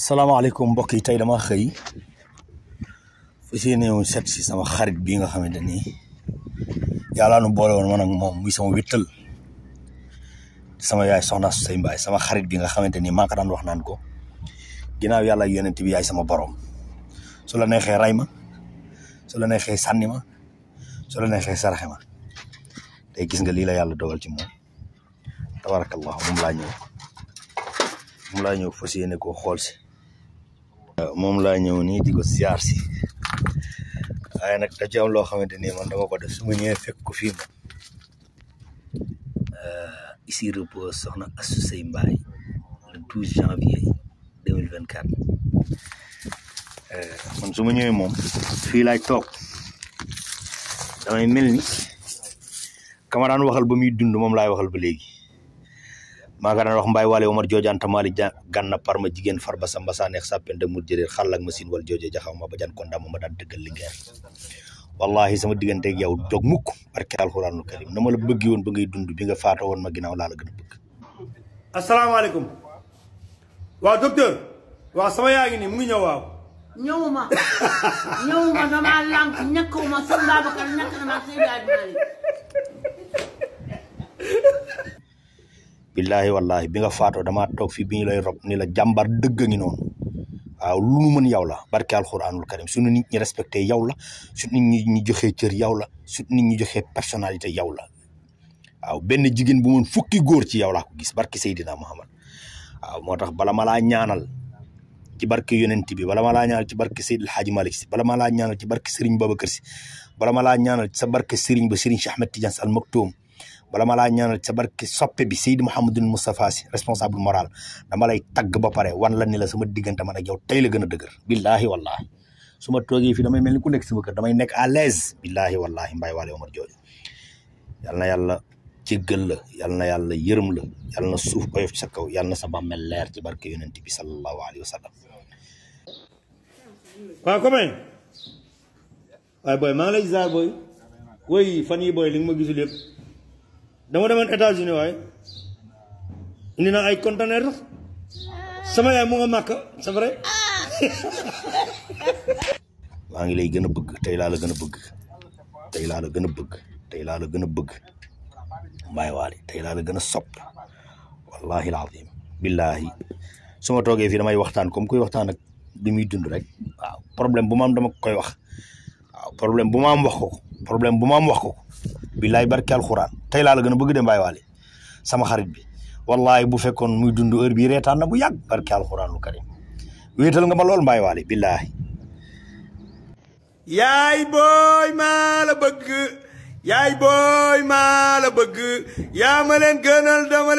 salaamaaleykum mbokk yi tey dama xëy fas yéene woon set si sama xarit bi nga xamante ni yàlla nu boole woon man ak moom muy sama wéttal sama yaay soxna su mbay sama xarit bi nga xamante ni maa ko daan wax naan ko ginnaaw yàlla ak yonent bi sama borom so la neexee ray ma su la neexee sànni ma su la neexee saraxe ma tey gis nga lii la yàlla dogal ci moom tabarakallahu moom laa ñëw moom laa ñëw fo yéene koo xool si moom laa ñëw nii di ko siyaar si waaye nag da ci am loo xamante ni man dama ko def su ma ñëwee ko fii moom euh, ici repose soxna Astou Seye Mbaye janvier 2024 euh, man su ma ñëwee moom fii laay toog damay mel ni kama daan waxal ba muy dund moom laay waxal ba léegi maa nga daan wax mbaay waale omar jooja anta maali ganna parma jigéen farba samba saneex sappen de mur jëréer xallak machine wal jooje jaxaw ma bajan kon ma daan dëggal lingeer wallahi sama digganteeg yow dog mukk barke alxuraanul karim na ma la bëgg ba ngay dund bi nga faata woon ma ginnaaw laa la gën a bëgg asalaamaaleykum waaw docteur waaw sama yaa ngi nii mu ngi ñëw waaw ñëwuma ñëwuma dama lànk ñàkkuma sëñ Babacar ñàkk na ma sëñ Babacar billaahi wallaahi bi nga faatoo damaa toog fii bi ñu lay rob ni la jàmbar dëgg ngi noonu aw lu nu mën yow la barke alxuraanul karim suñu nit ñi respecté yow la nit ñi ñu joxee cër yow la su nit ñi joxee personnalité yow la waaw benn jigéen bu mën fukki góor ci yow laa ko gis barke Seydina Muhammad waaw moo tax bala ma ñaanal ci barke yonent bi bala ma laa ñaanal ci barke Seydil Hadji Malick bala ma laa ñaanal ci barke Serigne Babacar si bala ma laa ñaanal ci sa barke Serigne ba Serigne Cheikh Ahmed Tidiane Al Maktoum bala ma laa ñaanal sa barki soppe bi Seydou Mouhamadul Moustapha responsable moral dama lay tagg ba pare wan la ni la sama diggante man ak yow tey la gën a dëgër. billaahi wallaahi su ma toogee fii damay mel ni ku nekk sama kër damay nekk à l'aise billaahi wallaahi mbay waale Omar jooju yal na yàlla jéggal la yal na yàlla yërëm la yal na suuf oyof sa kaw yal na sa bàmmeel leer ka barke yonent bi sallallahu alayhi wa sallam. waaw comment waaye booy maa ngi lay ziar booy woy dama demoon États-Unis waaye indi ay conteneur sama yaay mu nga màkk c'est vrai. maa ngi lay gën a bëgg tey laa la gën a bëgg te laa la gën a bëgg tey laa la gën a bëgg Mbaye Wally tey laa la gën a sopp wallahi alazim billahi su ma toogee fii damay waxtaan comme kuy waxtaan ak li muy dund rek waaw problème bu ma am dama koy wax waaw problème bu ma am wax ko bu ma am wax ko billahi barke alxuraan tey laa la gën bëgg dem bàyyi waale sama xarit bi wallahi bu fekkoon muy dund heure bi reetaan na bu yàgg barke alxuraanul karim wéetal nga ma lool mbaay waale billaahi yaay booy maa bëgg yaay booy maa bëgg yaa ma leen gënal dama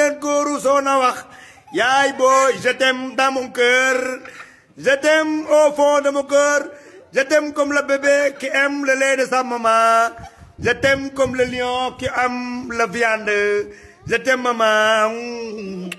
wax yaay booy je t'aime dans mon cœur je t'aime au fond de mon cœur le bébé qui aime je t'aime comme le lion qui aime la viande je t'aime maman